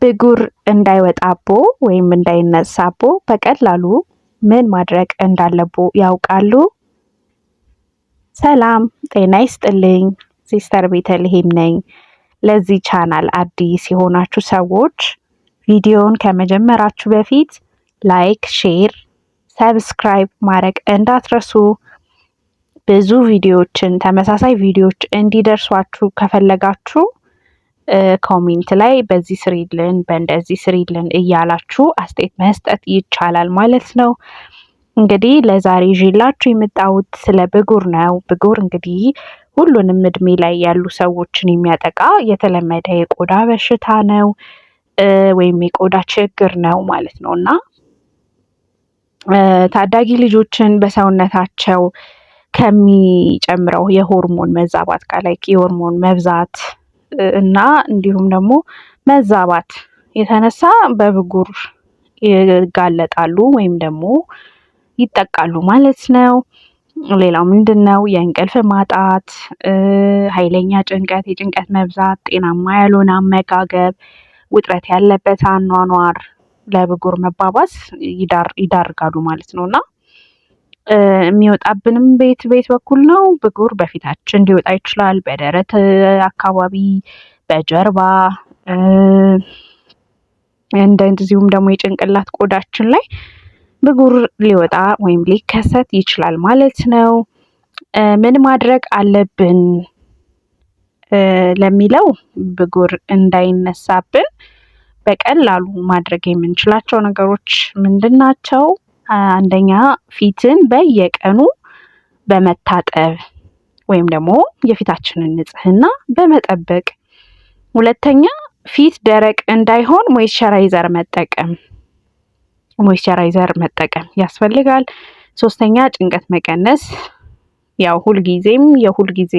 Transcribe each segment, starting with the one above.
ብጉር እንዳይወጣቦ ወይም እንዳይነሳቦ በቀላሉ ምን ማድረግ እንዳለቦ ያውቃሉ? ሰላም ጤና ይስጥልኝ። ሲስተር ቤተልሔም ነኝ። ለዚህ ቻናል አዲስ የሆናችሁ ሰዎች ቪዲዮውን ከመጀመራችሁ በፊት ላይክ፣ ሼር፣ ሰብስክራይብ ማድረግ እንዳትረሱ። ብዙ ቪዲዮዎችን ተመሳሳይ ቪዲዮዎች እንዲደርሷችሁ ከፈለጋችሁ ኮሜንት ላይ በዚህ ስሪልን፣ በእንደዚህ ስሪልን እያላችሁ አስተያየት መስጠት ይቻላል ማለት ነው። እንግዲህ ለዛሬ ይዤላችሁ የመጣሁት ስለ ብጉር ነው። ብጉር እንግዲህ ሁሉንም እድሜ ላይ ያሉ ሰዎችን የሚያጠቃ የተለመደ የቆዳ በሽታ ነው ወይም የቆዳ ችግር ነው ማለት ነው እና ታዳጊ ልጆችን በሰውነታቸው ከሚጨምረው የሆርሞን መዛባት ጋር ላይ የሆርሞን መብዛት እና እንዲሁም ደግሞ መዛባት የተነሳ በብጉር ይጋለጣሉ ወይም ደግሞ ይጠቃሉ ማለት ነው። ሌላው ምንድን ነው? የእንቅልፍ ማጣት፣ ኃይለኛ ጭንቀት፣ የጭንቀት መብዛት፣ ጤናማ ያልሆነ አመጋገብ፣ ውጥረት ያለበት አኗኗር ለብጉር መባባስ ይዳርጋሉ ማለት ነው እና የሚወጣብንም ቤት ቤት በኩል ነው። ብጉር በፊታችን ሊወጣ ይችላል። በደረት አካባቢ፣ በጀርባ እንደዚሁም ደግሞ የጭንቅላት ቆዳችን ላይ ብጉር ሊወጣ ወይም ሊከሰት ይችላል ማለት ነው። ምን ማድረግ አለብን ለሚለው ብጉር እንዳይነሳብን በቀላሉ ማድረግ የምንችላቸው ነገሮች ምንድን ናቸው? አንደኛ ፊትን በየቀኑ በመታጠብ ወይም ደግሞ የፊታችንን ንጽህና በመጠበቅ፣ ሁለተኛ ፊት ደረቅ እንዳይሆን ሞይስቸራይዘር መጠቀም ሞይስቸራይዘር መጠቀም ያስፈልጋል። ሶስተኛ ጭንቀት መቀነስ፣ ያው ሁልጊዜም የሁልጊዜ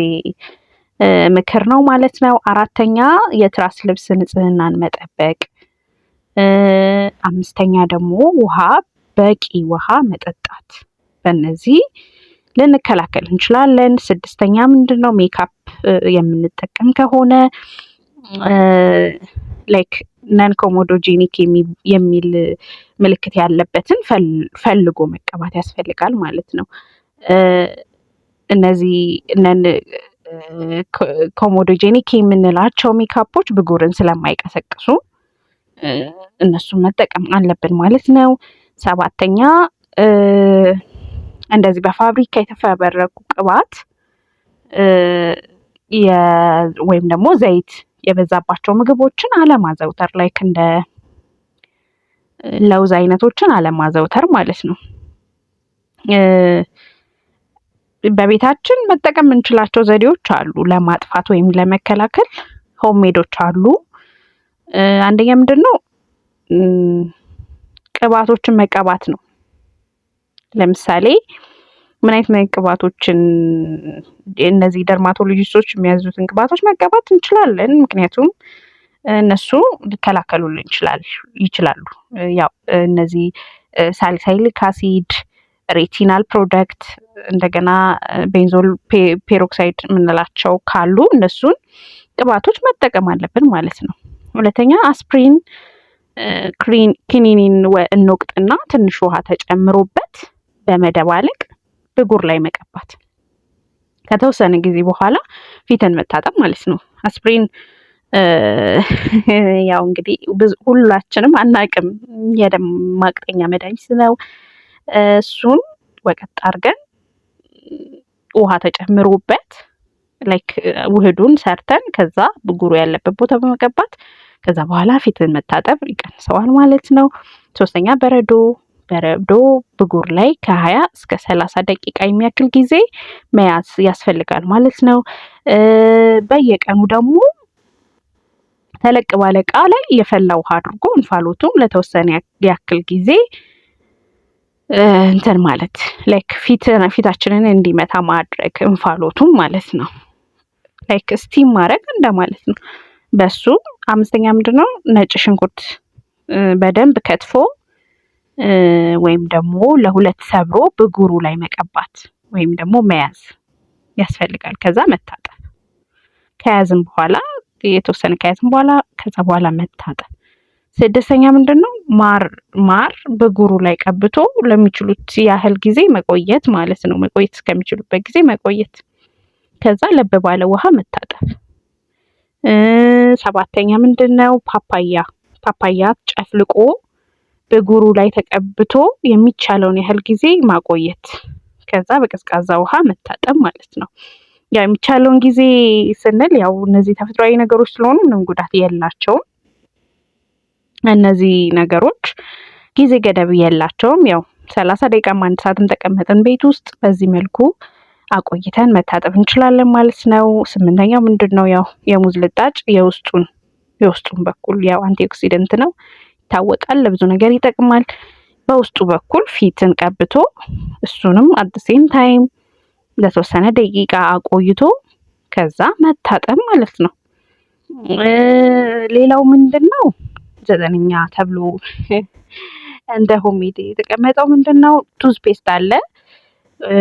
ምክር ነው ማለት ነው። አራተኛ የትራስ ልብስ ንጽህናን መጠበቅ፣ አምስተኛ ደግሞ ውሃ በቂ ውሃ መጠጣት። በእነዚህ ልንከላከል እንችላለን። ስድስተኛ ምንድን ነው? ሜካፕ የምንጠቀም ከሆነ ላይክ ነን ኮሞዶጂኒክ የሚል ምልክት ያለበትን ፈልጎ መቀባት ያስፈልጋል ማለት ነው። እነዚህ ነን ኮሞዶጄኒክ የምንላቸው ሜካፖች ብጉርን ስለማይቀሰቅሱ እነሱን መጠቀም አለብን ማለት ነው። ሰባተኛ እንደዚህ በፋብሪካ የተፈበረኩ ቅባት ወይም ደግሞ ዘይት የበዛባቸው ምግቦችን አለማዘውተር ላይክ እንደ ለውዝ አይነቶችን አለማዘውተር ማለት ነው። በቤታችን መጠቀም የምንችላቸው ዘዴዎች አሉ ለማጥፋት ወይም ለመከላከል ሆሜዶች አሉ። አንደኛ ምንድን ነው ቅባቶችን መቀባት ነው። ለምሳሌ ምን አይነት ምን ቅባቶችን እነዚህ ደርማቶሎጂስቶች የሚያዙትን ቅባቶች መቀባት እንችላለን። ምክንያቱም እነሱ ሊከላከሉልን ይችላሉ። ያው እነዚህ ሳሊሳይሊክ አሲድ፣ ሬቲናል ፕሮደክት እንደገና ቤንዞል ፔሮክሳይድ የምንላቸው ካሉ እነሱን ቅባቶች መጠቀም አለብን ማለት ነው። ሁለተኛ አስፕሪን ክኒኒን እንወቅጥና ትንሽ ውሃ ተጨምሮበት በመደባለቅ ብጉር ላይ መቀባት ከተወሰነ ጊዜ በኋላ ፊትን መታጠብ ማለት ነው። አስፕሪን ያው እንግዲህ ሁላችንም አናቅም፣ የደም ማቅጠኛ መድኃኒት ነው። እሱን ወቀጥ አድርገን ውሃ ተጨምሮበት ላይክ ውህዱን ሰርተን ከዛ ብጉሩ ያለበት ቦታ በመቀባት ከዛ በኋላ ፊትን መታጠብ ይቀንሰዋል ማለት ነው። ሶስተኛ በረዶ በረዶ ብጉር ላይ ከሀያ እስከ ሰላሳ ደቂቃ የሚያክል ጊዜ መያዝ ያስፈልጋል ማለት ነው። በየቀኑ ደግሞ ተለቅ ባለ እቃ ላይ የፈላ ውሃ አድርጎ እንፋሎቱም ለተወሰነ ያክል ጊዜ እንትን ማለት ላይክ ፊታችንን እንዲመታ ማድረግ እንፋሎቱም ማለት ነው። ላይክ ስቲም ማድረግ እንደማለት ነው። በሱ አምስተኛ ምንድን ነው ነጭ ሽንኩርት በደንብ ከትፎ ወይም ደግሞ ለሁለት ሰብሮ ብጉሩ ላይ መቀባት ወይም ደግሞ መያዝ ያስፈልጋል። ከዛ መታጠብ ከያዝም በኋላ የተወሰነ ከያዝም በኋላ ከዛ በኋላ መታጠብ። ስድስተኛ ምንድን ነው ማር ማር ብጉሩ ላይ ቀብቶ ለሚችሉት ያህል ጊዜ መቆየት ማለት ነው። መቆየት እስከሚችሉበት ጊዜ መቆየት፣ ከዛ ለብ ባለ ውሃ መታጠብ። ሰባተኛ ምንድን ነው? ፓፓያ ፓፓያ ጨፍልቆ በጉሩ ላይ ተቀብቶ የሚቻለውን ያህል ጊዜ ማቆየት ከዛ በቀዝቃዛ ውሃ መታጠብ ማለት ነው። ያው የሚቻለውን ጊዜ ስንል ያው እነዚህ ተፈጥሯዊ ነገሮች ስለሆኑ ምንም ጉዳት የላቸውም። እነዚህ ነገሮች ጊዜ ገደብ የላቸውም። ያው ሰላሳ ደቂቃ አንድ ሰዓትም ተቀመጠን ቤት ውስጥ በዚህ መልኩ አቆይተን መታጠብ እንችላለን ማለት ነው። ስምንተኛው ምንድን ነው? ያው የሙዝ ልጣጭ የውስጡን የውስጡን በኩል ያው አንቲኦክሲደንት ነው ይታወቃል። ለብዙ ነገር ይጠቅማል። በውስጡ በኩል ፊትን ቀብቶ እሱንም ሴም ታይም ለተወሰነ ደቂቃ አቆይቶ ከዛ መታጠብ ማለት ነው። ሌላው ምንድን ነው? ዘጠነኛ ተብሎ እንደ ሆሜድ የተቀመጠው ምንድን ነው? ቱዝ ፔስት አለ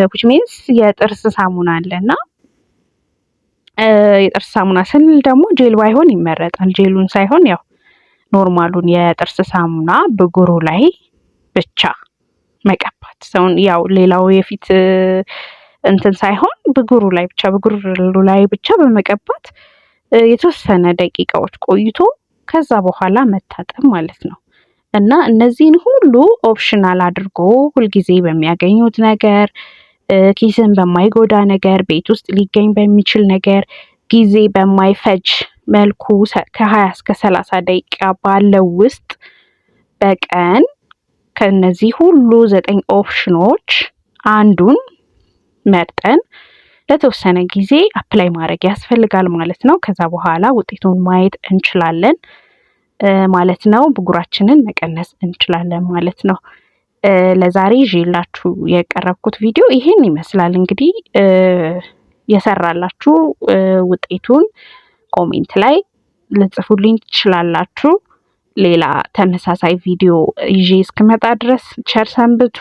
ዊች ሚንስ የጥርስ ሳሙና አለና የጥርስ ሳሙና ስንል ደግሞ ጄል ባይሆን ይመረጣል። ጄሉን ሳይሆን ያው ኖርማሉን የጥርስ ሳሙና ብጉሩ ላይ ብቻ መቀባት ሰውን ያው ሌላው የፊት እንትን ሳይሆን ብጉሩ ላይ ብቻ ብጉሩ ላይ ብቻ በመቀባት የተወሰነ ደቂቃዎች ቆይቶ ከዛ በኋላ መታጠብ ማለት ነው። እና እነዚህን ሁሉ ኦፕሽናል አድርጎ ሁልጊዜ በሚያገኙት ነገር ኪስን በማይጎዳ ነገር ቤት ውስጥ ሊገኝ በሚችል ነገር ጊዜ በማይፈጅ መልኩ ከሀያ እስከ ሰላሳ ደቂቃ ባለው ውስጥ በቀን ከነዚህ ሁሉ ዘጠኝ ኦፕሽኖች አንዱን መርጠን ለተወሰነ ጊዜ አፕላይ ማድረግ ያስፈልጋል ማለት ነው። ከዛ በኋላ ውጤቱን ማየት እንችላለን። ማለት ነው ብጉራችንን መቀነስ እንችላለን ማለት ነው። ለዛሬ ይዤላችሁ የቀረብኩት ቪዲዮ ይሄን ይመስላል። እንግዲህ የሰራላችሁ ውጤቱን ኮሜንት ላይ ልጽፉልኝ ትችላላችሁ። ሌላ ተመሳሳይ ቪዲዮ ይዤ እስክመጣ ድረስ ቸር ሰንብቱ።